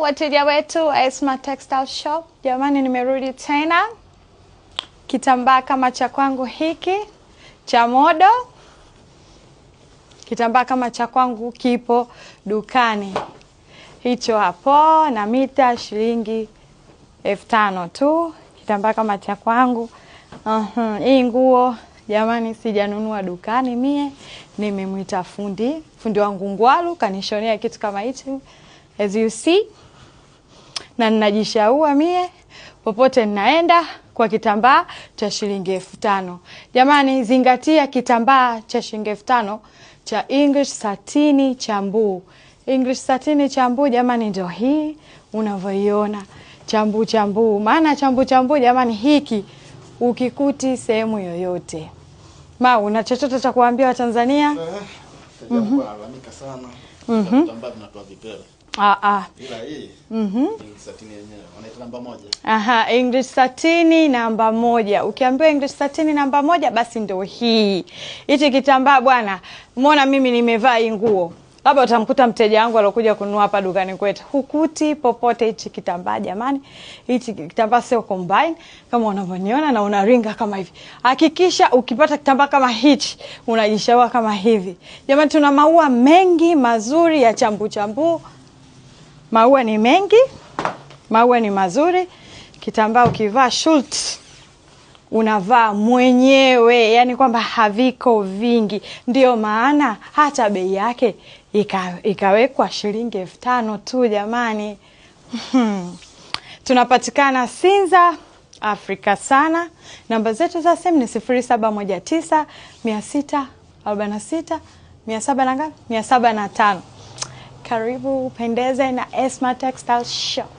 wateja wetu wa Esma Textile Shop, jamani, nimerudi tena. Kitambaa kama cha kwangu hiki cha modo, kitambaa kama cha kwangu kipo dukani hicho hapo, na mita shilingi elfu tano tu. Kitambaa kama cha kwangu uh -huh. Hii nguo jamani, sijanunua dukani mie, nimemwita fundi fundi wangu Ngwalu kanishonea kitu kama hichi as you see na ninajishaua mie popote ninaenda kwa kitambaa cha shilingi elfu tano. Jamani, zingatia kitambaa cha shilingi elfu tano cha English satini cha mbu. English satini cha jamani, ndio hii unavyoiona chambu chambu. Maana chambu chambu jamani, hiki ukikuti sehemu yoyote. Ma, una chochote cha kuambia Watanzania? Eh, mm -hmm. Sana. Mm -hmm. Ah, ah. Mhm. Mm English satini Aha, English satini namba moja. Ukiambiwa English satini namba moja basi ndio hii. Hichi kitambaa bwana, umeona mimi nimevaa hii nguo. Labda utamkuta mteja wangu alokuja kununua hapa dukani kwetu. Hukuti popote hichi kitambaa jamani. Hichi kitambaa sio combine kama unavyoniona na unaringa kama hivi. Hakikisha ukipata kitambaa kama hichi unajishaua kama hivi. Jamani tuna maua mengi mazuri ya chambu chambu. Maua ni mengi, maua ni mazuri. Kitambaa ukivaa Schultz unavaa mwenyewe, yani kwamba haviko vingi. ndio maana hata bei yake ikawekwa shilingi elfu tano tu jamani. Tunapatikana Sinza Afrika sana. Namba zetu za simu ni sifuri saba moja tisa mia sita arobaini na sita mia saba na ngapi? mia saba na tano. Karibu upendeze na Esma Textile Shop.